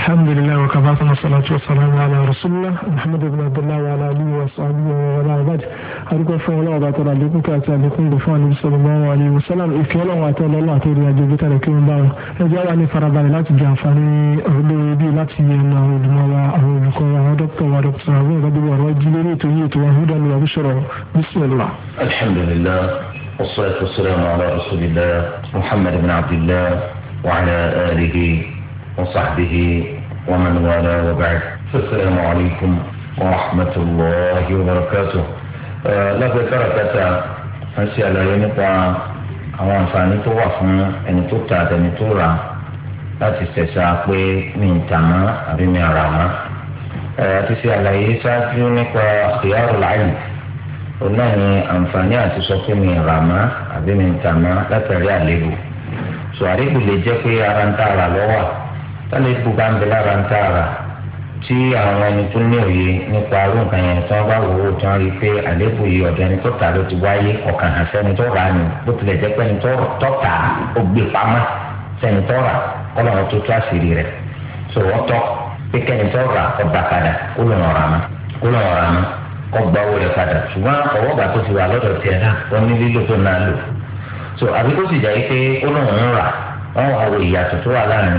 الحمد لله وكفى الصلاة والسلام على رسول الله محمد بن عبد الله وعلى آله وصحبه وعلى بعد أرجو فعل الله بعثنا لكم كأتى لكم بفعل صلى الله عليه وسلم إفي الله وعثنا الله تيري أجيب تركي من بعض إذا أعني فرضان لا تجعفني أهدو بي لا تيينا أهدو مالا أهدو بكوا أهدو ودكتا ودكتا ورجل نيتو نيتو وهدى وبشرى بسم الله الحمد لله والصلاة والسلام على رسول الله محمد بن عبد الله وعلى آله وصحبه ومن والاه وبعد فالسلام عليكم ورحمة الله وبركاته لقد تركت أشياء لا ينقع àwọn àǹfààní tó wà fún ẹni tó ta àtẹni tó rà láti ṣẹ̀ṣà pé mi ń tà mọ́ àbí mi rà mọ́. àti ṣe àlàyé ṣáájú nípa ìyàrá láàyè òun náà ni àǹfààní àti sọ pé mi rà àbí mi ń látàrí àlébù. sọ àlébù lè jẹ́ pé ara ń tà rà lọ́wọ́ tálẹ̀ kù bá ń bẹ lára ń tààrà tí àwọn ẹni tó ní òye nípa arú nǹkan yẹn tí wọ́n bá wò ó tí wọ́n rí i pé àlékún yìí ọ̀dọ̀ ẹni tó tà ló ti wáyé ọ̀kan hàn sẹ́ni tó rà ni bó tilẹ̀ jẹ́ pé ẹni tó tà ó gbé pamọ́ sẹ́ni tó rà kọ́lọ́run tó tó àṣírí rẹ̀ so ọ̀tọ̀ pé kẹ́ni tó rà ọba padà kó lọ́n ọ̀rà mọ́ kó lọ́n ọ̀rà mọ́ kọ́ gba owó rẹ̀ padà ṣùgbọ́n ọwọ́ bàtó ti wà lọ́dọ̀ tiẹ̀ náà wọ́n ní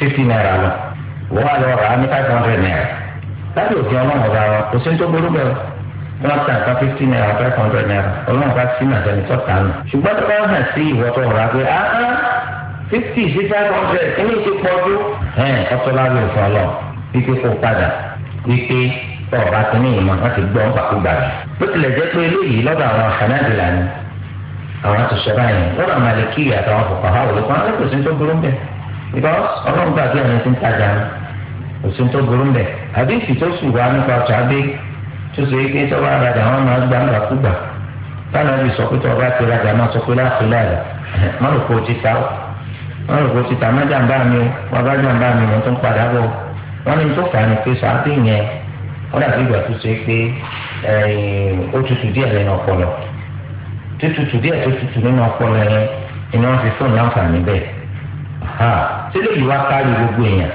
fifty naira lọ wọ́n á lọ rà á ní five hundred naira láti òfin ọlọ́run ọba wa kò sí ní tó burú bẹ́ẹ̀ wọ́n ta nǹkan fifty naira five hundred naira ọlọ́run bá sí màdá ní tọ́ta nù. ṣùgbọ́n tó bá hàn sí ìwọ tó rà pé áá ah, ah, fifty sí five hundred inú ti pọ̀ jù. ọtọ́ lábẹ́ òfin ọlọ́ wípé kó padà wípé ọba tó ní ìmọ̀ láti gbọ́ nípakúgbà rẹ̀. bó tilẹ̀ jẹ́ pé eléyìí lọ́dọ̀ àwọn àfẹnáàdìlà ni àwọn àtúnṣe báyìí lọ́dọ̀ àmàlẹ́kì because ọlọ́run gbàgbé ẹ̀rọ ti ń tajà ní òsín tó burú mbẹ̀ àbí tó sùn wá nípa ọ̀tọ̀ abé tó so ike tó bá rajà wọn máa gbà ńgbà kúgbà sọ pé tó ti rajà máa sọ pé láti láàyè o ti ta ó má lò kó o ti ta má jàǹbá mi ó wọn bá jàǹbá mi wọn tó ń padà bọ̀ wọn ní tó fà ní pé yẹn wọn dàbí ìgbà tó pé ó tutù sílẹ̀ yìí wá kárí gbogbo èèyàn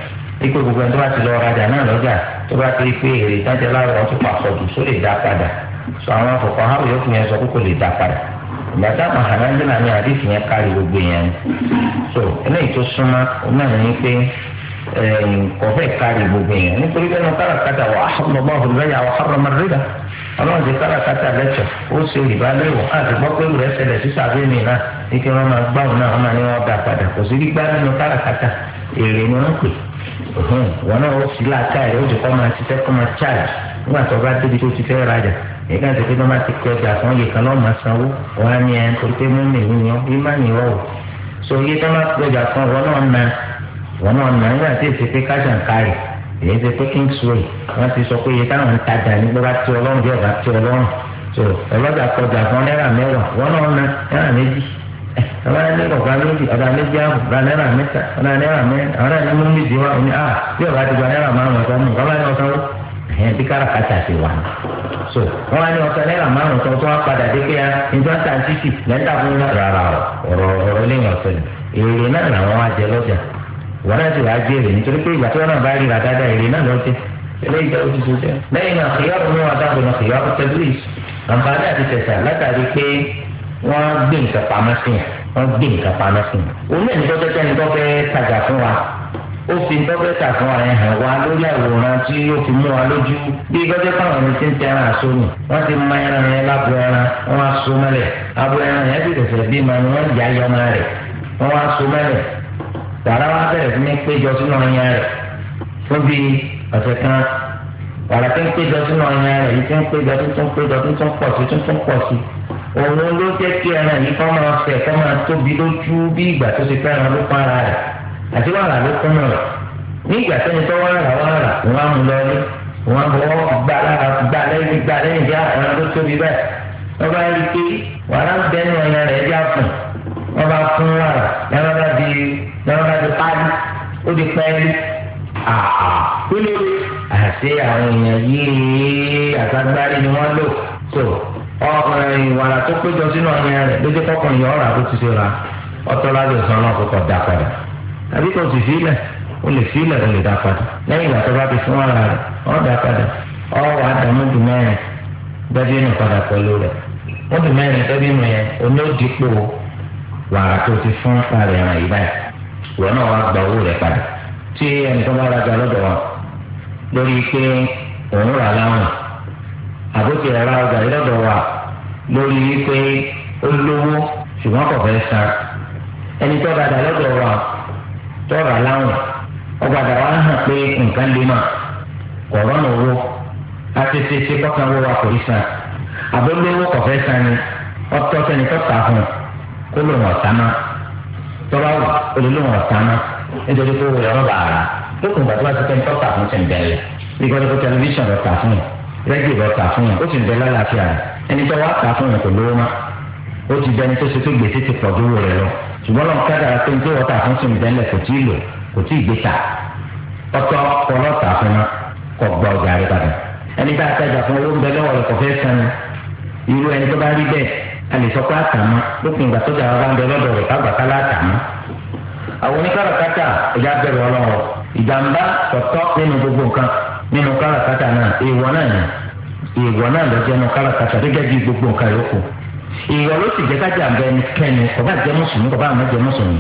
ikú gbogbo ẹni tó bá ti lọ rajà náà lọ́jà tó bá ti rí pé èrè ìtajà láàrọ̀ wọn ti pàṣọ jù só lè dá padà sọ àwọn afọ̀kọ́ àwọn yòókù yẹn sọ kókò lè dá padà ìgbà táwọn àhánájìlá ní àdéhùn yẹn kárí gbogbo èèyàn ni so eléyìí tó súnmọ́ náà ní pé kọfẹ́ kárí gbogbo èèyàn nítorí bẹ́ẹ̀ ni kárakáta wà á ọlọ́run ti káràkátà lẹ́tọ̀ ó ṣe ìbá lẹ́wọ̀ àti gbọ́ pé rẹ̀ ṣẹlẹ̀ sí sàbẹ̀mì náà ní kí wọ́n máa gbá òun náà wọ́n máa ní wọ́n dà padà kò sí gbígbá nínú káràkátà èrè ni wọ́n pè wọn náà ó sì láàká rẹ̀ ó ti kọ́ máa ṣiṣẹ́ kọ́ máa ṣáàjì nígbà tó bá débi tó ti fẹ́ rajà nígbà tó fi máa ti kọ ọjà fún iye kan lọ́ọ́ máa sanwó wọn á ní ẹ torí pé mímì so iye tó máa kọ ọjà fún wọn náà na wọn èyí te pé kingsway wọ́n ti sọ pé iye táwọn ń tajà nígbà ọlọ́run bí ọba ọlọ́run tó fún náírà mẹ́wàá náà náírà méjì eh, ọba ọba méjì ọba méjì ààbò ọba náírà ọba náírà náírà ah, bí ọba ti gba so wá ní náírà márùn tó wá padà dé pé nígbà tá wọn náà sì wá jèrè nítorí pé ìgbà tí wọn náà bá rí ràdádá èrè náà lọ́ọ́ jẹ eléyìí jẹ́ ojú jẹ lẹ́yìn náà kìyàwó mú adágún náà kìyàwó tẹ́lifíṣ àǹfààní àti tẹ̀sà látàrí pé wọ́n gbé nǹkan pamọ́ sí yẹn wọ́n gbé nǹkan pamọ́ sí yẹn òun náà ní tọ́jú ẹni tó fẹ́ tajà fún wa ó fi tọ́jú ẹ̀ta fún wa yẹn hàn wá lórí àwòrán tí ó fi mú wa lójú bí gbọ́dọ̀ káwọn ẹni ti ń tẹ ẹran àṣọ nù wọ́n ti mọ ẹran yẹn lábọ ẹran wọ́n á so mọ́lẹ̀ ẹran yẹn ti tẹ̀sẹ̀ bí ma ni wọ́n yà yọmọ rẹ̀ wọ́n á so wàrà wa bẹ̀rẹ̀ fún mi péjọ sínú ọyàn rẹ̀ fún bí ọ̀sẹ̀ kan wàrà tó ń péjọ sínú ọyàn rẹ̀ yìí tó ń péjọ tó tún péjọ tó tún pọ̀ sí tó tún pọ̀ sí òun ló jẹ́ kí ẹran yìí kọ́ máa fẹ̀ kọ́ máa tóbi lójú bí ìgbà tó ti fẹ́ràn ló pa ara rẹ̀ àti wàrà ló kún rẹ̀ ní ìgbà tó ń tọ́ wàrà wàrà òun á mú lọ ní òun á bọ̀ gbà lára gbà lẹ́yìn gbà lẹ́yìn bí àwọn ló wọ́n bá fún wa lẹ́wọ́n bá di lẹ́wọ́n bá di pálí ó di pẹ́ẹ́lí àhà kúlò àti àwọn èèyàn yìí àtàgbárí ni wọ́n lò tó ọkùnrin ìwàlà tó péjọ sínú ọmọ rẹ̀ lójú kọkùnrin yọ ọ̀rọ̀ àbútú sí ra ọtọ́ lábẹ́ òsán náà kọ́kọ́ dá padà àbí kò sì fílẹ̀ o lè fílẹ̀ o lè dá padà lẹ́yìn ìgbà tó bá ti fún ara rẹ̀ ọ̀ dá padà ọ̀wọ́ àdàmúdù mẹ́rin dẹ́bí nù padà pẹ̀lú rẹ̀ mọ́tò mẹ́rin dẹ́bí nù yẹn oní òdìpọ̀ wàrà tó ti fún sáré ẹran yìí báyìí ìwọ náà wàá gba owó rẹ padà tí ẹni tó bá rajà lọ́dọ̀ wọn lórí pé òun rà láwọn àbókè rà ọjà yìí lọ́dọ̀ wa lórí pé ó lówó ṣùgbọ́n kò fẹ́ san ẹni tó rajà lọ́dọ̀ wa tó rà láwọn ọgbàdà wa hàn pé nǹkan lè mà kọ̀rọ́nà owó àti ṣe ṣe kọ́kànwó wa kò fẹ́ san ni ọtọ́ sẹ́ni tó ta fún un ó lò wọ́n sáná tọ́ba ó lè lò wọ́n sáná nítorí pé ó yọrọ bàrà lókun ìgbà tó bá ti tẹ́ ní tọ́ta fún ti ń bẹ̀rẹ̀ bí kọ́ni kó tẹlifíṣàn lọ tà fún yẹn rẹ́gì lọ tà fún yẹn ó sì ń bẹ lálàáfíà rẹ̀ ẹni tó wá tà fún yẹn kò lówó má ó ti bẹni tó ṣe pé gbèsè ti pọ̀ dúró rẹ̀ lọ ṣùgbọ́n lọ́n kádàrà pé nítorí wọ́n fún sí ń bẹ́lẹ̀ kò tí ì lò kò tí ì gbé tà ọtọ́ kọlọ́ tà fún yẹn kọ gba ọjà rẹ̀ padà ẹni tá a fún owó lọ́wọ́ rẹ̀ fẹ́ san irú ẹni tó bá rí bẹ́ẹ̀ a lè sọ pé àtàmú lópin ìgbà tó dà wá bá ń bẹ lọ́dọ̀ rẹ̀ ká gbàtà látàmú. àwọn oníkàràkátà ẹ̀yà bẹ̀rẹ̀ ọlọ́wọ́ ìjàmbá tọ̀tọ̀ nínú gbogbo nǹkan nínú kàràkátà náà èèwọ̀ náà ni èèwọ̀ náà lọ́jọ́ nínú kàràkátà gẹ́gẹ́ bí gbogbo nǹkan yòókù. èèwọ̀ ló sì jẹ́ kájà bẹ́ẹ̀ kẹ́ni kọ̀bá jẹ́ mùsùlùmí kọ̀bá àmọ́ jẹ́ mùsùlùmí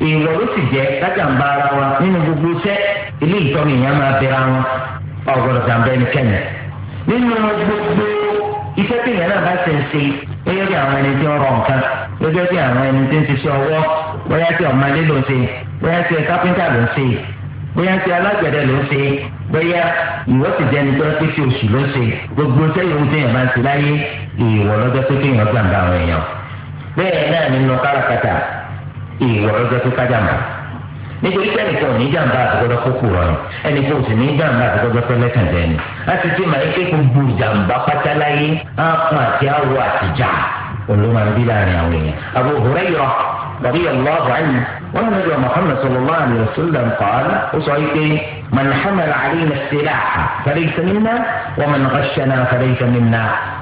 èèyàn ló sì jẹ́ kájàmbá ara wa nínú gbogbo iṣẹ́ ilé ìtọ́ni ìyẹn máa bẹ̀rẹ̀ àwọn ọ̀gọ̀dọ̀ jàǹbẹ́ ní kẹ́mi nínú gbogbo iṣẹ́ tí ìyẹn náà bá ṣe ń ṣe gẹ́gẹ́ bí àwọn ẹni tí ń rọ nǹkan gẹ́gẹ́ bí àwọn ẹni tí ń ṣiṣẹ́ ọwọ́ bóyá tí ọ̀mọdé ló ń ṣe bóyá tí kápẹ́ńtà ló ń ṣe bóyá tí alágbẹ̀dẹ ló ń ṣe bóyá ìwọ ti jẹ́ni tó ń pè oṣù ló ń ṣe gbogbo sẹ́yìn ohun tí èèyàn bá ń ṣe láyé ìwọ lọ́jọ́ pé kéèyàn gbàǹdà àwọn èèyàn bẹ́ẹ̀ náà nínú káràkátà ìyọ̀ ọjọ́ tó ká kájà mọ́. ẹnìkan ò ní jàǹbá àtọ́jọ́ kókó rọ ni ẹnìkan ò sì ní jàǹbá àtọ́jọ́ pẹ́lẹ́kàn jẹ rọrùn enikan o si ni janba atojo pelekan je ni ti ti màá ké gbogbo jàǹbá pátáláyé kún àti àwọ àtìjà olómọbí láàrin àwọn èèyàn. àbò yọ Hurairah radiyallahu ayé wọn ní ọjọ́ Muhammad sallallahu alaihi wasallam qala ó sọ wípé man hamala alayna as-silaha falaysa minna wa man ghashana falaysa minna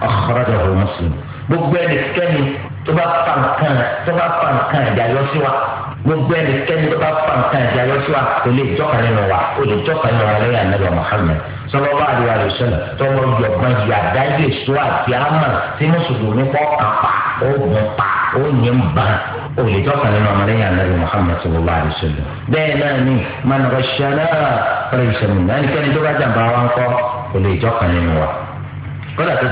akhrajahu Muslim gbogbo ẹnìkẹ́ni tó bá fa nǹkan tó bá fa nǹkan ìjà yọ sí wa gbogbo ẹnikẹ́ni tó bá fa nǹkan ìjà yọ sí wa kò lè jọ́ka nínú wa kò lè jọ́ka nínú wa lẹ́yìn anabi muhammed sọlọ́wọ́ àdúrà rẹ̀ sọ̀rọ̀ tọwọ́ yọ̀gbọ́n yìí àdáyé sọ àti àmà tí mùsùlùmí kọ́ kápá ó gùn pa ó yẹn bá kò lè jọ́ka nínú wa lẹ́yìn anabi muhammed sọlọ́wọ́ àdúrà sọ̀rọ̀ bẹ́ẹ̀ náà ni mọ̀nàkọ́ sẹ́nà rẹ̀ sọ̀rọ̀ ẹnikẹ́ni tó bá jàǹbá wa ńkọ́ kò lè jọ́ka nínú wa kọ́dà tó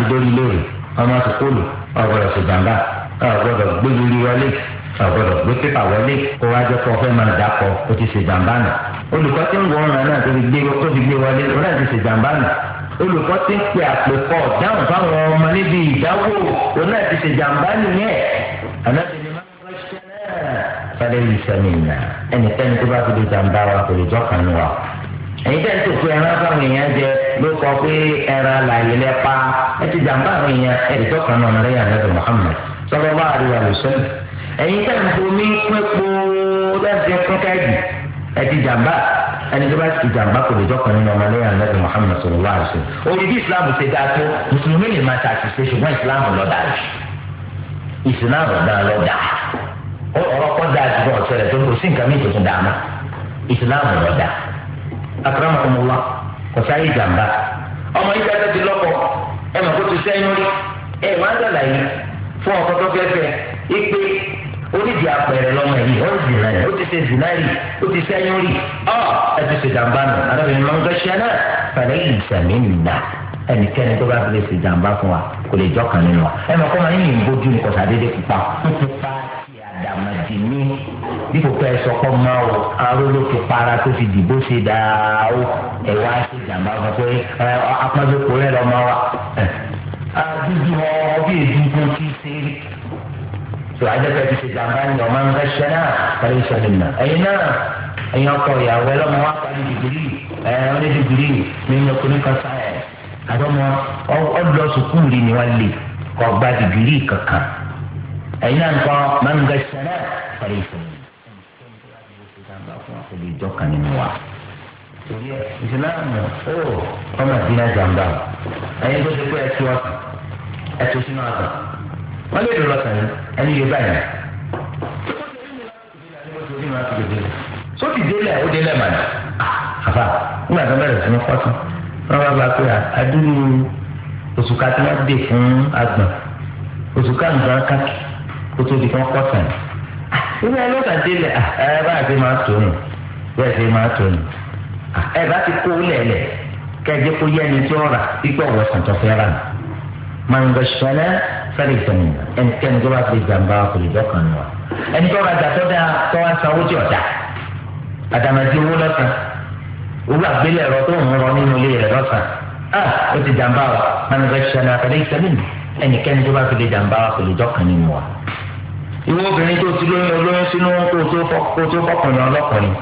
àgbọ̀dọ̀ gbé lórí wọlé àgbọ̀dọ̀ gbé pépà wọlé kó wá jẹ́ kó fẹ́ máa dàpọ̀ ó ti ṣe jàǹbá nù olùkọ́ tí ń wọ ọ̀ràn náà tó fi gbé tó fi gbé wọlé òun náà ti ṣe jàǹbá nù olùkọ́ tí ń pe àpòkọ dáhùn fáwọn ọmọ níbi ìdáwó òun náà ti ṣe jàǹbá nìyẹn fẹ́lẹ́ yìí sẹ́mi nà ẹnikẹ́ni tó bá fi di jàǹbá wa kò lè jọ́ kan wa. ẹ̀yin tẹ́ ń ẹran fáwọn èèyàn jẹ ló kọ pé ẹran làyè lẹ́pa ẹ ti jàǹbá àwọn èèyàn ẹ̀ lè jọ́ kan náà lẹ́yìn àlẹ́ Muhammad sọ̀rọ̀ bá àríwá lè sọ ẹ̀yin tẹ̀ ń bomi pẹ́pọ́ lẹ́sẹ̀ kọ́kẹ́ẹ̀dì ẹ ti jàmbá ẹni tó bá ti jàmbá kò lè jọkàn nínú ọmọ lẹ́yìn ànábì Muhammad sallallahu alaihi wasallam òdìdí islam ṣe dáa tó mùsùlùmí lè máa ta àtìsẹ́ ṣùgbọ́n islam lọ́dà jù islam lọ́dà lọ́dà ọ̀rọ̀ kọ́ dáa ti bọ̀ ọ̀sẹ̀ rẹ̀ tó kò sí nǹkan mi tuntun dáa mọ́ islam lọ́dà akramakumullah kò sáyé jàmbá ọmọ yìí dáadáa ti lọ́kọ̀ ẹ̀ fún ọkọ tó fẹ́ fẹ́ ipe onídìí apẹ̀rẹ̀ lọ́mọ yìí ó ti zìnà yìí ó ti ṣe zìnà yìí ó ti sẹ́yìn rí ọ ẹ ti ṣe jàǹbá nù arábìnrin máa ń gbé ṣẹ́ náà fẹ̀rẹ̀ yìí sẹ̀mí nìyà ẹnikẹ́ni tó bá fi lè ṣe jàǹbá fún wa kò lè jọ́ kan nínú wa ẹ mọ̀ kó máa ń yìn bójú ní kọ̀tà dédé pupa pupa ti àdàmàdì ní dípò pé ẹ sọ pé ọmọ o aró ló fi para tó fi dìbò ṣe dáa ó ẹ wá ṣe jàǹbá fún pé ẹ apájọpọ̀ rẹ lọ́mọ wa àdúdú ọmọ bí èdúgbò tí í ṣe rí. tó ajẹ́pẹ́ ti ṣe jàmbá ni ọmọ nǹkan ṣẹ́ náà parí ìṣẹ̀lẹ̀ náà. ẹ̀yin náà ẹ̀yin ọkọ ìyàwó ẹlọ́mọ wa parí dìgírì ẹ̀ ọ́n ní dìgírì nínú ọkùnrin kan sáyẹ̀nsì. àtọ́mọ ọ̀dọ́ sùkúù rí ni wọ́n lè kọ́ gba dìgírì kankan. ẹ̀yin náà nǹkan ọmọ nǹkan ṣẹ́ náà parí ìṣẹ̀lẹ̀ náà. ìṣẹ̀lẹ̀ náà ọmọ ẹyin tó ti pé ẹtú ọsàn ẹtú sínú wọn lè dúró ẹni yóò báyìí. délẹ̀ ó délẹ̀ mà ní. àbá nígbà tó bẹ̀rẹ̀ kọ́tún wọn bá bá pé oṣù ká tí wọ́n fún oṣù ká nǹkan kákì kó tó di fún kọ́tún. ìwé délẹ̀ ah, ẹ bá àti máa tó nù bẹ́ẹ̀ sì máa tó nù ah, ẹ bá ti kó kẹjẹ kó yẹ ẹni tí ó rà igbó ọ̀wọ́sàn tó fẹ́ rà ní. màǹgà ṣẹlẹ̀ fẹ́rẹ̀ ìtẹ̀mí ẹnikẹ́ni tó bá fi jàǹbá kò lè dọ́kàn ní wa. ẹni tó rajà tó dáa tó wá sanwó tí ọ̀dà àdàmàdì owó lọ́sàn owó àgbélẹ̀rọ tó ń rọ nínú ilé rẹ̀ lọ́sàn ah, ó ti jàǹbá wa màǹgà ṣẹlẹ̀ fẹ́rẹ̀ ìtẹ̀mí ẹnikẹ́ni tó bá fi jàǹbá kò lè dọ́kàn nínú wa. ìwọ obìnrin tó ti lóyún olóyún sínú kó tó fọkùnrin ọlọ́kùnrin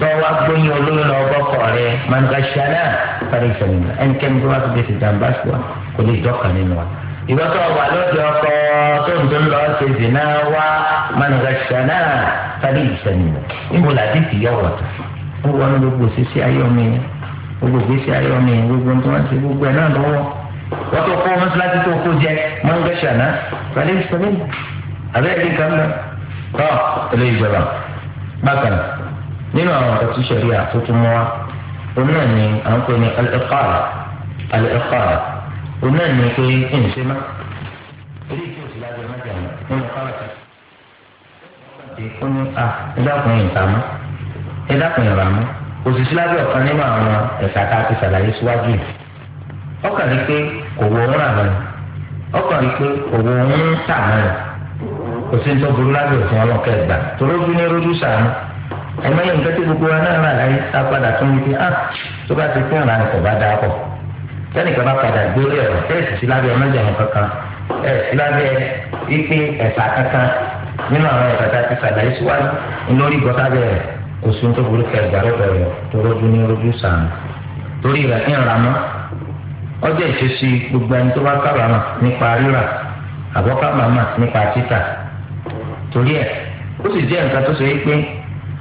tó wá gbóyún olóyún lọ bọ́kọ̀ sáré ìṣẹ̀lẹ̀ ẹnikẹ́ni tó wá sí gbèsè jàǹbá sí wa kò lè dọ́kàn nínú wa ìgbàtọ̀ wà lọ́dọ̀ ọkọ tó ń tó ń lọ ṣe zina wá mánugàṣà náà tàbí ìsẹ̀nìyàn níbo làdí ti yọ wọ̀tà ó wọ́n gbogbo ṣíṣe ayé ọmọ yẹn gbogbo gbèsè ayé ọmọ yẹn gbogbo tó wọ́n ṣe gbogbo ẹ̀ náà lọ́wọ́ wọ́n tó kó mọ́ṣáláṣí tó kó jẹ mánugàṣà náà tàbí ìsẹ̀nìyàn àbẹ́ ẹ̀dín kan lọ tọ́ ilé ìjọba bákan nínú àwọn ọ̀tọ̀ tíṣẹ̀rí àtúntún mọ́ wa. òun náà ah, ni à ń pè ní al-iqala al ni pé ǹṣe má èyí tí o sì má jà mọ́ nínú káràtà ó ní à ẹ̀dàkùn ìta mọ́ ẹ̀dàkùn ìrà mọ́ òṣìṣẹ́ lábẹ́ ọ̀kan nínú àwọn ẹ̀ka tá ti ṣàlàyé síwájú yìí ọkàn rí pé kò wọ rà ọkàn rí pé kò wọ tà ẹ̀mẹ́yẹ nǹkan tí gbogbo wa náà rà láyé tá a padà tún wípé ah tó bá ti fẹ́ràn àyè kò bá dáa pọ̀ sẹ́nìkan bá padà gbé orí sí lábẹ́ kankan lábẹ́ ẹ̀sà kankan nínú àwọn tá a ti síwájú lórí kò sí tó burú kẹ́ rẹ̀ tó rọ́jú ní rọ́jú sàn torí rẹ̀ ń ra mọ́ ọjọ́ ìṣesí gbogbo ẹni tó bá kábàámà nípa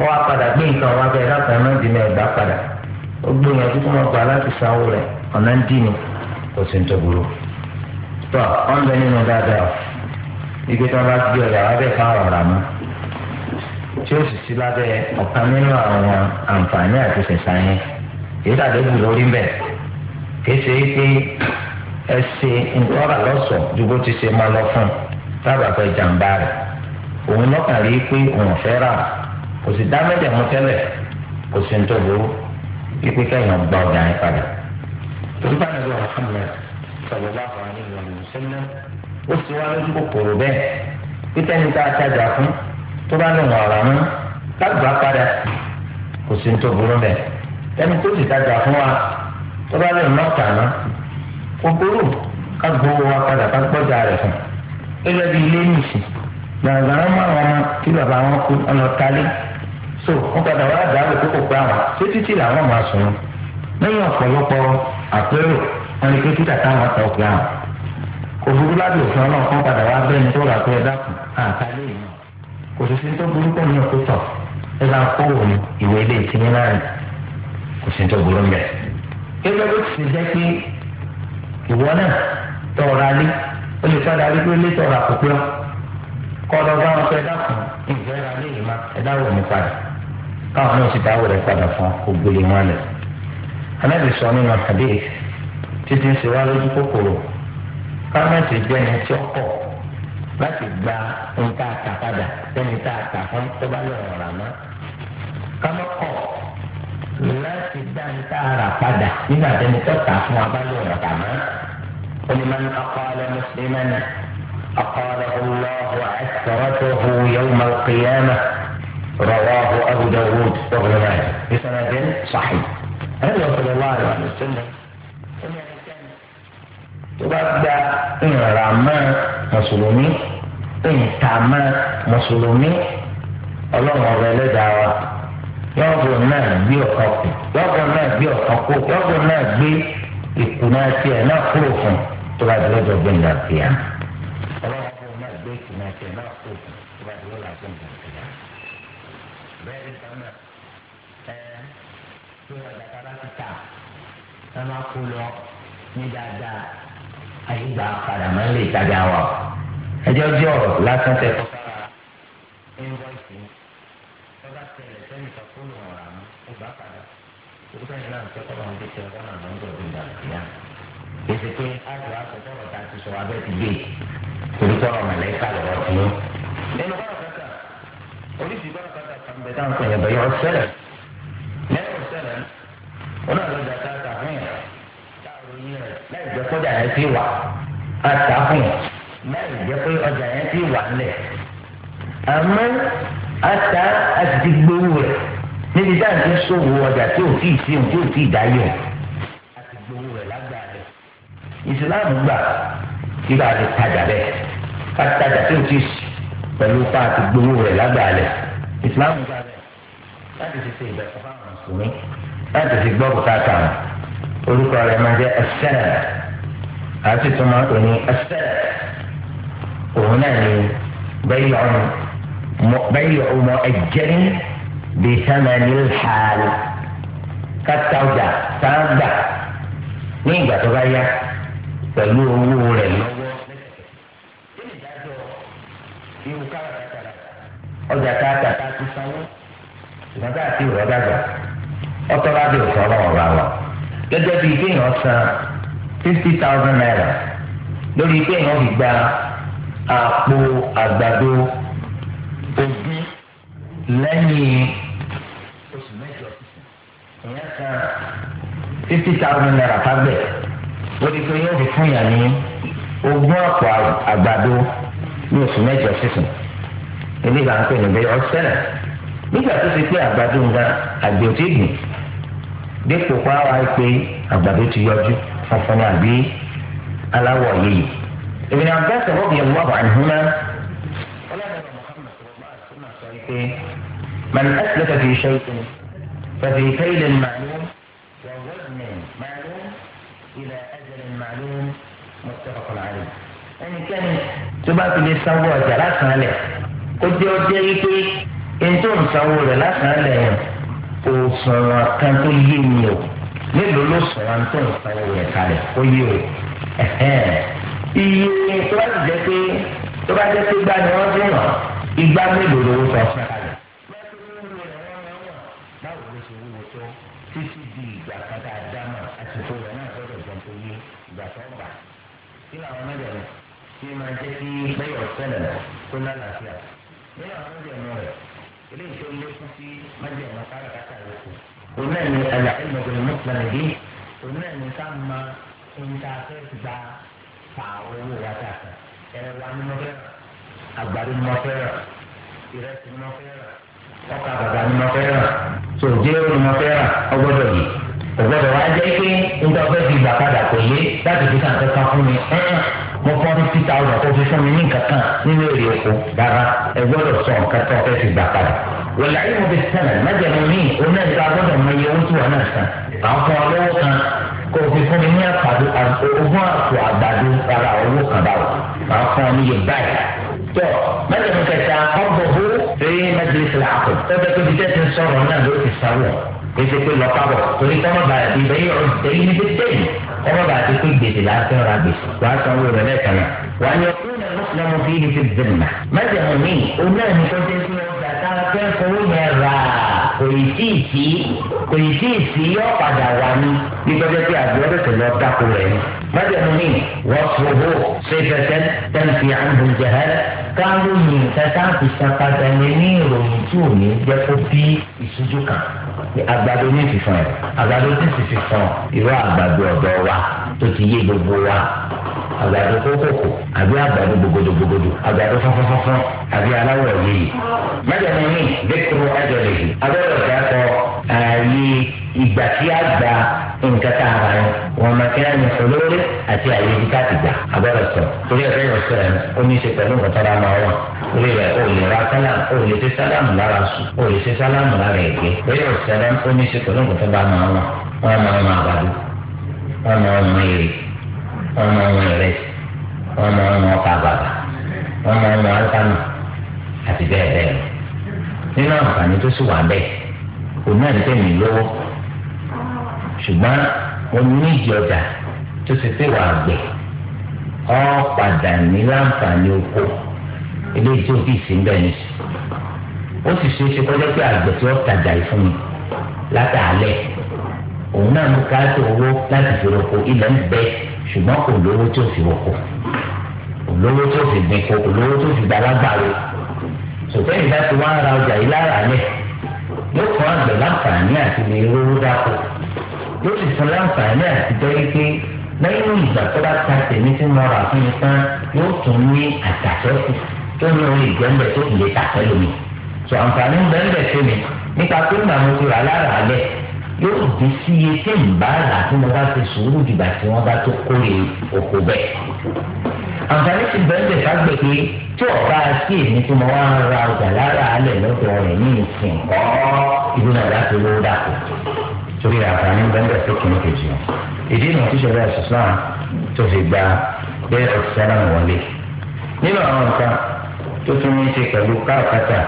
ọ wá padà gbé nǹkan wọn abẹ́ láti ẹ̀rọ ìdílé ẹ̀gbá padà ó gbìyànjú kí wọ́n gbà láti sanwó rẹ̀ ọ̀nà ń dìní kò sí ń tó tọ́ ọ̀n bẹ nínú dáadáa ibi tí wọ́n bá gbé ọ̀yà mọ́ tí ó sì sí lábẹ́ ọ̀kan nínú àwọn àǹfààní àti sẹ̀sán yẹn lórí kì í ṣe é pé ẹ ṣe nǹkan rà ju bó ti ṣe máa lọ fún rẹ̀ òun lọ́kàn rí i kò sì dá mẹ́jẹ̀mú tẹ́lẹ̀ kò sì ń tó burú pípé kẹ́yìn gba ọ̀dà yẹn padà. torí bá nàbẹ́ Muhammad sallallahu alaihi wa sallam ó sì wá lójú kòkòrò bẹ́ẹ̀ pété ní ká tajà fún tó bá lè wọ̀n ọ̀rọ̀ mú lágbàá padà kò sì ń tó burú bẹ́ẹ̀. ẹni tó sì tajà fún wa tó bá lè ná tàná kò burú ká gbowó wa padà ká gbọ́jà rẹ̀ fún ilé bíi ilé nìsí so wọ́n padà wá dàálù kókò pé àwọn ṣé títí làwọn máa sùn lẹ́yìn ọ̀pọ̀lọpọ̀ àpérò wọn ni pé títà táwọn tọ̀ pé àwọn kò burú lábẹ́ òfin ọlọ́run kan padà wá bẹ́ẹ̀ ni tó rà pé ẹ dákun àtàlẹ́ yìí kò sì sí tó burú pọ̀ ní ọkọ̀ tọ̀ ẹ bá kó wò ní ìwé ilé ìtìmí náà rẹ̀ kò sì tó burú mẹ́. gẹ́gẹ́ bó ti jẹ́ pé ìwọ náà tọ̀ọ̀rọ̀ alé ó lè padà rí pé lé tọ̀ọ̀rọ̀ àkókò kọ́ ọ lọ bá wọn fẹ́ dákun ìfẹ́ ra lé yìí má ẹ padà káwọn náà sì dáwọ́ rẹ̀ padà fún ògbólé wọn lẹ̀. anábì sọ nínú àkàdé títí ń ṣèwá lójú kòkòrò kámẹ́tì jẹ́ni tí ó kọ̀ láti gba ohun tá a tà padà lẹ́ni tá a tà fún tó bá lọ́rọ̀ rà mọ́. kámọ́kọ̀ láti dá ní tá padà nígbà tẹ́ni tó tà fún wa bá lọ́rọ̀ rà mọ́. onímọ̀ ní ọkọ̀ ọ̀lẹ́ mùsùlùmí náà ọkọ̀ ọ̀lẹ́ ọlọ́ọ̀ رواه أبو داود وابن ماجه بسند صحيح هذا صلى الله عليه وسلم tubada ìrànmọ́ mùsùlùmí ìtàmọ́ mùsùlùmí ọlọ́run ọba ẹlẹ́dàá wa yọ̀bù náà gbé ọ̀kan kù yọ̀bù náà gbé ọ̀kan kù yọ̀bù náà gbé ìkùnà tiẹ̀ náà kúrò fún tubada lọ́jọ́ gbẹ̀ngàn ìtajà wa o ẹjọ́ jẹ́ ọ̀rọ̀ lásán tẹ fún sára invoice yìí tọ́ba tẹ̀lé sẹ́ni sọ fún ọ̀rọ̀ àmọ́ ó bá padà owó sẹ́ni náà tẹ́ kọ́ lọ́wọ́ tẹ́tẹ́ ọ̀gá náà lọ́wọ́ tó ń dàgbà yá èsì pé àjọ àtọ̀tọ̀rọ̀ ta ti sọ abẹ́ ti gbé torí tọ́rọ̀ mọ̀lẹ́kà lọ́wọ́ tí ó. nínú bọ́lá àtàkùn láì jẹ́ pé ọjà yẹn ti wà ńlẹ̀ àmọ́ ata àtìgbòwò rẹ̀ níbi tá à ń ti ṣòwò ọjà tí ò tíì sí òun tí ò tíì dáyọ̀ àtìgbòwò rẹ̀ lágbàá rẹ̀ ìsìláàmù gbà kí bá a lè tajà bẹ́ẹ̀ ká tajà tí ò tíì sí pẹ̀lú pa àtìgbòwò rẹ̀ lágbàá rẹ̀ ìsìláàmù gbà bẹ́ẹ̀ láti fi ṣe ìbẹ̀fọ́ fáwọn mùsùlùmí láti fi gbọ́ bùkátà orúkọ rẹ̀ máa jẹ́ ẹ̀sẹ̀ rẹ̀ àti tó máa ń pè ní ẹsẹ̀ òun náà ni bẹ́yì ọmọ ẹ̀jẹ̀ ní bí sẹ́mẹ̀ ní ìhàlù káta ọjà sáńgbà ní ìgbà tó bá yá pẹ̀lú owó rẹ̀ lọ́wọ́. ọjà káàkà ti sanwó ìgbàgbà àti ìrọ̀dàgbà ọtọ́ lábẹ́ òfin ọlọ́run bá wà gẹ́gẹ́ bíi kéèyàn san fifty thousand naira lórí pé èèyàn fi gba àpò àgbàdo òbí lẹ́yìn oṣù mẹ́jọ èèyàn kan fifty thousand naira fagbẹ̀ lórí pé yóò fi fún yàn ní ogún àpò àgbàdo ní oṣù mẹ́jọ sísìn eléyìí là ń pè ní bẹ́ẹ̀ ọ̀sẹ̀lẹ̀ nígbà tó ti pé àgbàdo nǹkan àgbẹ̀ ò ti gbìn dípò pààrọ̀ àìpé àgbàdo ti yọjú funfun ni àbí aláwọ̀ yìí Ibn Abbas radiyallahu anhuma من أسلف في شيء ففي كيل معلوم ووزن معلوم إلى أجل معلوم متفق عليه ẹnikẹ́ni tó bá fi lè sanwó ọjà lásán lẹ̀ kó jẹ́ ó jẹ́ wípé ẹni tó ń sanwó rẹ̀ lásán lẹ̀ yẹn òṣùwọ̀n kan tó yé mi o mélòó ló sọ̀rọ̀ ní tó ń san owó yẹn kalẹ̀ ó yé o iye tó bá ti jẹ́ pé tó bá jẹ́ pé gbá ni wọ́n fi hàn igbá mélòó lówó sọ fún kalẹ̀. báwo ló ṣe wúwo tó títí di ìgbà kan tá a dá mọ̀ àsìkò rẹ̀ náà gbọ́dọ̀ jẹun tó yé ìgbà tó ń bà kí làwọn mẹ́jọ sí májèmọ́ káràkátà yòókù onáàni ẹlẹ́mọ̀gbìn mọ́tìlá bí onáàni ká ma nta fẹ́ gba fa owó wa ta ẹ̀wà ni mo fẹ́ rà àgbàdo ni mo fẹ́ rà ìrẹsì ni mo fẹ́ rà ọkà bàbà ni mo fẹ́ rà sòjéèrò ni mo fẹ́ rà ọgbọ́dọ̀ yìí ọgbọ́dọ̀ wa jẹ́ pé nta fẹ́ fi gbà padà kò yé láti fi kàn kẹ́kọ̀ọ́ fún mi mo kọ́ ní títà ọ̀rọ̀ kó fi fún mi ní nǹkan kan nínú èrè oko rárá ẹ gbọ́dọ̀ sọ nǹkan tó fẹ́ fi gbà padà wọlé ayé mo bẹ sẹ́nà májèmú mi òun náà gba gbọ́dọ̀ mọ iye owó tí wọ́n náà san àwọn kan lówó kan kò fi fún mi ní àpàdé ogún àpò àgbàdo ara owó kan báwò àwọn kan ní iye báyìí tọ májèmú kẹta ọgbọ hó eré májèlé fìlà àpò tọ́jú tó fi tẹ́sí sọ̀rọ̀ náà ló ti sáwọ̀ kéṣe pé lọ́kàbọ̀ torí tọ́mọ̀ bàrà bíi bẹ́ẹ̀ yọ̀ ẹ̀yìn ní bẹ́ẹ̀ pé gbèsè láti ọ̀rọ̀ àgbèsè wàá sanwó rẹ̀ lẹ́ẹ̀kan náà wàá ní ti náà ní táwọn fẹ́ fowó yẹn rà kò ì tí ì sí kò ì tí ì sí yọ padà wà ní bí gbọ́dọ̀ pé àbí ọdún tó lọ dáko rẹ̀ ni. májèmú mi wọ́n fowó ṣèfẹ̀fẹ̀ tẹ̀sí àǹdùn jẹ̀hẹ́rẹ́ káwọn yìí kẹta fi ṣàpàtà ẹni ní ìròyìn tí ò ní jẹ́ kó bí ìṣújú kan àgbàdo ní ìfìfàn ẹ̀ àgbàdo tí ti fi fàn irú àgbàdo ọ̀dọ́ wa tó ti yé gbogbo wa àgbàdo kókòkò àbí àgbàdo gbogbodogbogbodò àgbàdo fọ́nfọ́nfọ́nfọ́n àbí aláwọ̀ yìí. májàmú mi dẹ́kun ajọ̀lẹ̀ yìí abẹ́rẹ́ ọ̀gá kọ ààyè ìgbà tí a gba nǹkan tá a rà yẹn wọn máa kí á ní olóore àti ààyè ibi tá a ti gbà abẹ́rẹ́ sọ torí ẹ̀fẹ́ yẹn sọ ẹ̀ ó ní í ṣe pẹ̀lú nǹkan tó bá máa wà orí rẹ̀ ó lè ra sálámù ó lè ṣe sálámù lára sùn ó lè ṣe sálámù lára ẹ̀gbẹ́ bẹ́ẹ̀ ọ̀sẹ̀ rẹ̀ ó ní í ṣe pẹ̀lú nǹkan tó máa wà wọn máa ń àti bẹ́ẹ̀ bẹ́ẹ̀ lọ nínú àǹfààní tó sì wà bẹ́ẹ̀ kò ní àdìpẹ́ mi lówó ṣùgbọ́n mo ní ìdí ọjà tó ti fi wà gbẹ̀ ọ́ padà ní láǹfààní oko eléyìí tó bí ìsìn bẹ́ẹ̀ ni ó sì ṣe é ṣe kọjá pé àgbẹ̀ tí ó tajà yìí fún mi látàálẹ̀ òun náà mú káàtó owó láti fi roko ilẹ̀ ń bẹ ṣùgbọ́n kò lówó tó fi roko kò tó fi gbìn kò tó fi gbàlágbàro sọtẹ́ ìgbà tó wá ń ra ọjà yìí lára lẹ̀ yóò fún àgbẹ̀ láǹfààní àti lè rówó dáko yóò sì fún láǹfààní àti jẹ́ wípé lẹ́yìn ìgbà tó bá ta tèmi tí mo rà fún mi tán yóò tún ní àtàtẹ́kù tó ní orí ìgbẹ́mbẹ̀ tó lè tàtẹ́ lómi sọ àǹfààní ń bẹ́ẹ̀ bẹ́ẹ̀ fún mi nípa pé màmú ti rà lára lẹ̀ yóò fi sí iye tí ń bá rà tí mo bá fi sùúrù dìgbà tí wọ́n bá tó kórè oko bẹ́ẹ̀. àǹfààní ti bẹ́ẹ̀ ká gbé pé tí ọ̀gá sí èmi tí mo wá ń ra ọjà lára alẹ̀ lọ́dọ̀ rẹ̀ ní ìsìn kọ́ ìlú náà láti lówó dàpọ̀. torí àǹfààní bẹ́ẹ̀ tó kìíní kejì o. ìdí ìnà tí sọ̀rọ̀ ìṣẹ̀sán tó fi gba bẹ́ẹ̀ ọ̀sán wọlé. nínú àwọn nǹkan tó tún ní ṣe pẹ̀lú káàkátà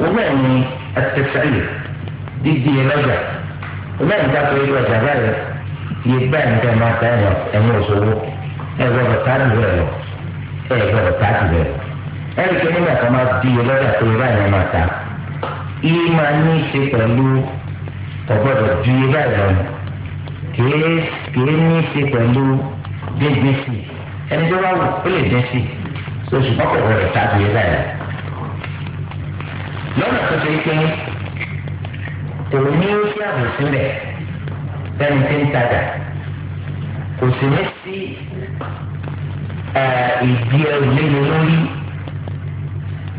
òun náà ni ọmọ ẹ̀dá tó yẹ ọjà báyìí yẹ báyìí níta ẹ̀ máa ta ẹ̀ lọ ẹ̀yìn òṣòwò ẹ̀ gbọ́dọ̀ tá ti bẹ̀ lọ ẹ̀ gbọ́dọ̀ tá ti bẹ̀ lọ. ẹ̀rí kí nígbà kan máa di ọlọ́dà tó yẹ báyìí máa ta yìí máa ní í ṣe pẹ̀lú ọ̀gbọ́dọ̀ ju yẹ báyìí lọ kìí kìí ní í ṣe pẹ̀lú dídín ẹni tó bá wù ó lè dín oṣù mọ́kànlá rẹ̀ tá ti kò ní rí àbùsílẹ̀ lẹ́nu tí ń tajà kò sì ní sí ìdí ẹrù léni lórí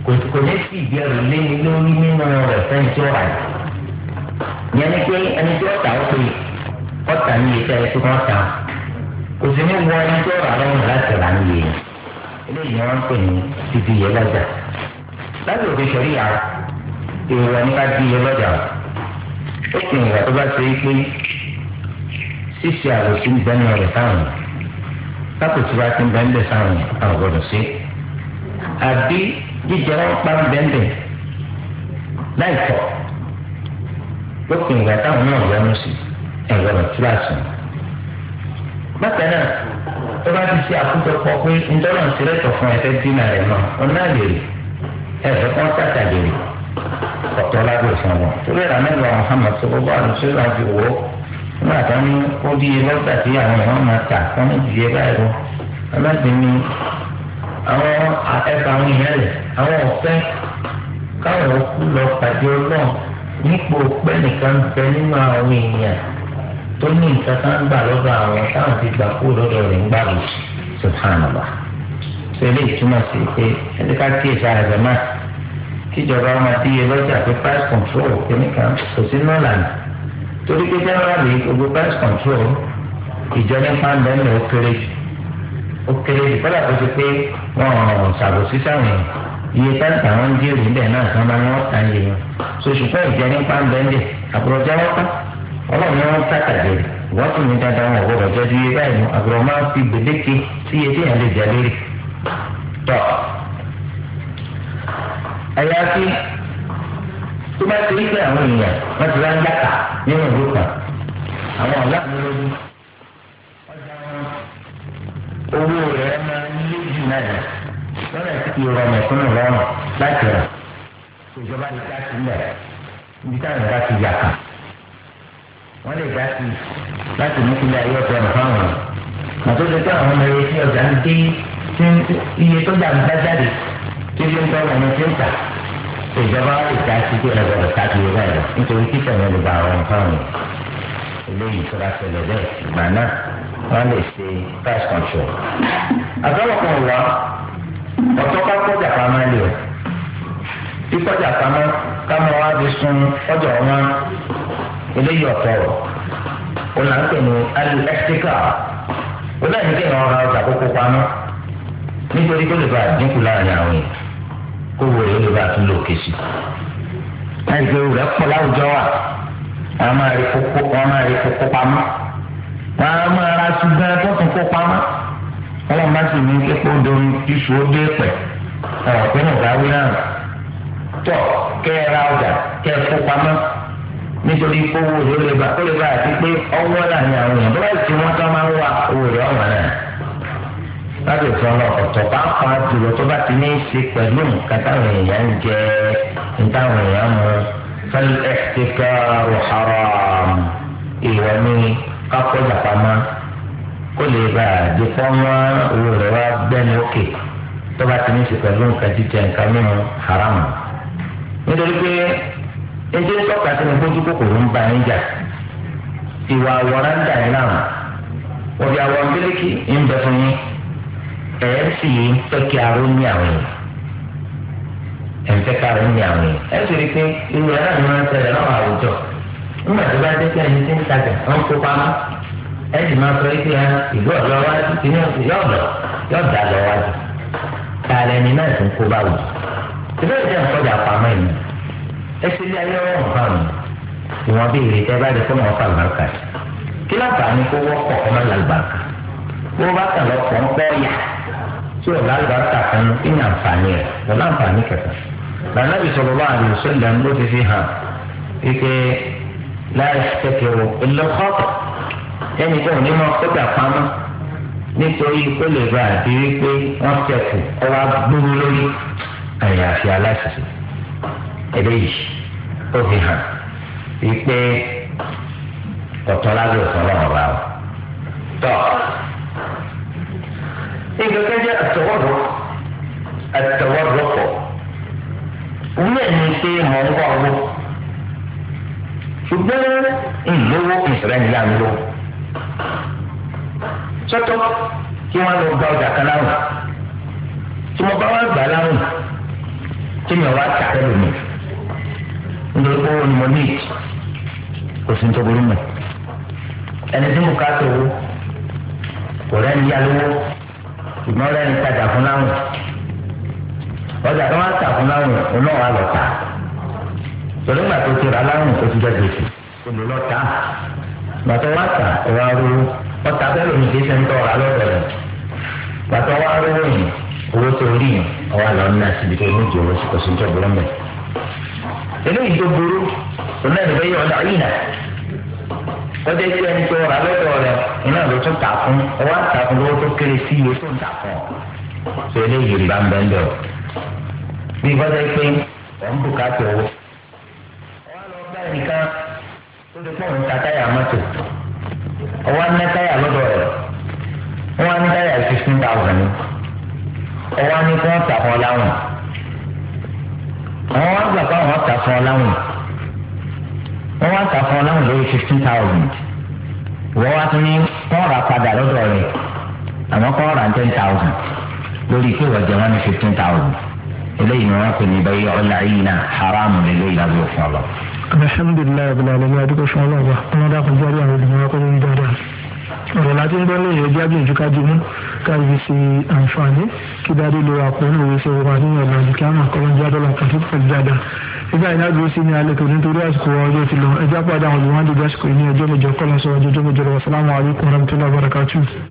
kò ní sí ìdí ẹrù léni lórí nínú rẹ̀ fẹ́ni tí ó rà yìí yẹn ni pé ẹni tí ó tà ó pè ọ̀tà ní iye tẹ́lẹ̀ tí wọ́n tà kò sì ní wọ ẹni tí ó rà lọ́wọ́ láti rà ní iye eléyìí wọ́n pè ní títí iye lọ́jà lábẹ́ òfin ṣẹ̀ríyà èrò ẹni ká di iye lọ́jà lópin ìgbà tó bá ṣe é pé ṣíṣe àròsí ń bẹ́nu rẹ̀ sáwọn lápò tí wàá ti ń bẹ́ńdẹ̀ sáwọn àwọn gbọ́dọ̀ ṣe àbí jíjẹ wọn pa ń bẹ́ńdẹ̀ láì tọ̀ lópin ìgbà táwọn náà yọnu sí ẹ̀rọ kíláàsì bákan náà tó bá ti ṣe àkójọpọ̀ pé ńdọ́rọ̀ ń ṣe lẹ́tọ̀ fún ẹ̀fẹ́ dínà rẹ̀ náà ọ̀nà àlèrè ẹ̀fẹ́ kan ṣàtàlérè ọ̀tọ̀ lábẹ́ òfin ọ̀wọ́ torí ẹ̀rọ mẹ́lọ Muhammad sọ̀rọ̀ bá àlọ́ sọ́yìn àti wò ó nígbà tó ní ó di lọ́gbà tí àwọn èèyàn máa tà wọ́n ní ìdílé báyìí lọ aláǹdí ni àwọn ẹ̀ka àwọn èèyàn rẹ̀ àwọn ọ̀fẹ́ káwọn òkú lọ pàdé ọlọ́run nípò pẹ́ nìkan bẹ nínú àwọn èèyàn tó ní nǹkan kan gbà lọ́dọ̀ àwọn táwọn ti gbà kúrò lọ́dọ̀ rẹ̀ ń gbàgbọ́ subhanallah ṣe eléyìí túmọ̀ sí pé ẹ̀dẹ́ká kíjọba ọmọ àti iye lọ́jà pé price control kìnnìkan kò sí nọ́ọ̀lànà torí pé generally gbogbo price control ìjọ nípa ń bẹ́ẹ̀ ní ó kéré jù ó kéré jù kọ́lá tó ti pé wọ́n ṣàbòsí sáwọn iye táǹtà wọn ń jèrè ńbẹ̀ náà kan bá wọn kà ń yẹ wọn so ṣùgbọ́n ìjọ nípa ń bẹ́ẹ̀ àbúrọ̀já wọn kọ́ ọlọ́run ni wọ́n tàkàdé wọ́n sì ní dandan wọn gbọ́dọ̀ jẹ́ ju iye báyìí mu àbúrọ̀ máa fi gbèdéke sí iye tí yẹn lè jẹ́ àyàfi tó bá ti rí pé àwọn èèyàn wọn ti rán yàtà nínú ìlú kan àwọn ọ̀la mi lójú owó rẹ̀ máa ń lé jù náà yẹn lọ́nà tí ìrọ̀mọ̀ fún ìrọ̀rùn láti rà ìjọba lè dá sílẹ̀ níbi táwọn ìdá ti yàtà wọ́n lè dá sí láti mú kílẹ̀ ayé ọ̀tọ̀ ọ̀nà fáwọn àtúntò tí àwọn ọmọ ẹ̀yẹ tí ọjà ń dé iye tó dà ń bá jáde kí ló ń tọ́ ọ̀nà tí ń tà ìjọba ìta sí pé ẹgbẹ̀rún káàkiri báyìí lọ nítorí títà yẹn lè ba àwọn nǹkan wọn eléyìí tó bá ṣẹlẹ̀ bẹ́ẹ̀ ìgbà náà wọ́n lè ṣe price control. àtọ́lọ́pọ̀ wá ọ̀tọ́ ká kọjá pamọ́ lè o tí kọjá pamọ́ kámọ́ wá fi sun ọjà wọn eléyìí ọ̀tọ̀ rọ̀ ó là ń pè ní alu ẹ́tíkà ó náà ní kéèyàn ọ̀rọ̀ ọjà kókó pamọ́ nítorí tó lè ba àdínkù láàrin àwọn èèyàn. kó wọ èyí lóba tún lò kéṣì. láì rẹ̀ pọ̀ láwùjọ wa wọn máa rí kókó wọn máa rí kókó pamọ́ wọn á máa ra ṣùgbọ́n tó kó pamọ́ sì ní kíkó iṣu ó dé pẹ̀ ọ̀rọ̀ pé náà tọ̀ kẹ́ ẹ ra ọjà kẹ́ ẹ kó pamọ́ nítorí àti pé ọwọ́ láti òfin ọlọ́ọ̀tọ̀ pàápàá jùlọ tó bá ti ní í ṣe pẹ̀lú nǹkan táwọn èèyàn ń jẹ táwọn èèyàn mu fal-ihtikaru haram ìwọ ni kápọ̀ jàpamọ́ kó lè bá a di fọ́nmọ́ owó rẹ̀ wá gbẹ́ni òkè tó bá ti ní í ṣe pẹ̀lú nǹkan jíjẹ nǹkan mímu haram nítorí pé ẹjẹ tọ́ka sí ni kójú kòkòrò ń ba yín jà ìwà àwòrán dà yín náà òbí àwòrán bíléèkì ń bẹ ẹ sì ń fẹ́ kí aró ní àwìn ẹ ń fẹ́ kí aró ní àwìn ẹ sì rí i pé irú ẹ náà ni wọ́n ń ṣẹlẹ̀ náà àwùjọ nígbà tó bá dé pé ẹni tí ń tajà wọ́n kó pamọ́ ẹ sì máa sọ pé ah, ìlú ọ̀dọ́ wájú ìní yọ̀dọ̀ yọ̀dà lọ wájú tààrẹ ni náà ti ń kó báwò ìbéèrè jẹ́ nǹkan ọjà pamọ́ ẹ̀yìn ẹ sì lé ayé wọn hàn mí ìwọ̀n bí ìrètí ẹ bá dé fún wọn fàlùbáǹkà kí láǹfààní kó wọ́pọ̀ ọmọ làlùbáǹkà bó bá kàn lọ́pọ̀ ń pọ́ yà tí ò lálùbáríkà kan kí ni àǹfààní ẹ̀ wọ́n láǹfààní kẹta. lànàbì sallallahu alaihi wasallam ló ti fi hàn wípé láì kẹkẹrò ìlọ́kọ́kọ̀ ẹnì kan ò ní mọ kọjá pamọ́ nítorí pé lè ba àti wípé wọ́n kẹ̀kù ọwọ́ agbóró lórí àyàfi aláṣẹ eléyìí ó fi hàn wípé ọ̀tọ̀ lábẹ́ òfin ọlọ́run bá nǹkan kan jẹ́ àtọwọ́rọ́ àtọwọ́rọ́ pọ̀ wúlẹ̀ ní pé mọ̀ ń wá owó ṣùgbọ́n ìlówó ìṣẹ̀lẹ̀ nílá ń lò sọ́tọ́ kí wọ́n lọ gba ọjà kan láwùn tí mo bá wá gbà láwùn tí mi ò wá tà ẹ́ lómi nítorí owó ni mo ní kò sí nítorí mọ̀ ẹni tí mo ká tó owó kò rẹ́ni yá lówó. ṣùgbọ́n rẹ̀ ń tajà fún láwìn ọjà tó máa ń tà fún láwìn òun lọ tà torí gbà tó ti rà láwìn tó ti jẹ gbèsè òun lọ tà gbàtọ́ wà tà ìwà rúru ọ̀tà bẹ́ẹ̀ lòun ṣe ń tọ́ ọ̀rà rúru yìí owó tó rí yìí ọwọ́ àlọ́ ní àṣìbí tó ní sí lọ́jọ́ tí ẹni tó rà lọ́dọ̀ rẹ̀ iná ló tún tà fún ọwọ́ àtà fún lọ́wọ́ tó kéré sí iye tó ń tà fún ọ. tó eléyìí rí bá ń bẹ́ ń bẹ̀ ọ́. bí bọ́dọ̀ pé ọ̀ ń bùkátà owó. ọwọ́ lọ bá ẹnìkan tó lè fún òun ta táyà mọ́tò. ọwọ́ ń ná táyà lọ́dọ̀ rẹ̀. wọ́n á ní táyà fifteen thousand. ọwọ́ á ní kí wọ́n tà fún ọ láwùn. àwọn wá gbà fáwọn tà fún ọ láwùn wọ́n wá ta fún ọ náà lórí fifteen thousand wọ́n wá tún ní kọ́ ra padà lọ́dọ̀ rẹ̀ àmọ́ kọ́ ra ten thousand lórí pé wọ́n jẹ wọ́n ní fifteen thousand eléyìí ni wọ́n pè ní bẹ́ẹ̀ ọ̀là yìí náà haramu lè lóyìn lábẹ́ òfin ọlọ. alhamdulilayi abu alayhi adúgbò fún ọlọ́wà wọn dà jáde àwọn ènìyàn kọ́ lórí dáadáa ọ̀rọ̀ láti ń gbọ́ lóye ẹjẹ́ àjòjú ká di mú káyọ̀ sí àǹfààní kí dáadé lo àpò oníwèé ṣe wà ní ọ̀nà àdìkí àwọn àkọ́lọ́jà dọ́là kan tó pẹ̀lú dáadáa ibà yìí ládùúgbò sí ní alẹ́ tó nítorí àsìkò ọjọ́ ti lọ ẹjọ́ pàdé àwọn olùwádìí gbàsìkò ní ẹjọ́ mẹ́jọ kọ́lá sọ ọjọ́ mẹ́jọ lọ́wọ́ sálámù alaykum warahmatullahi wabarakatuh.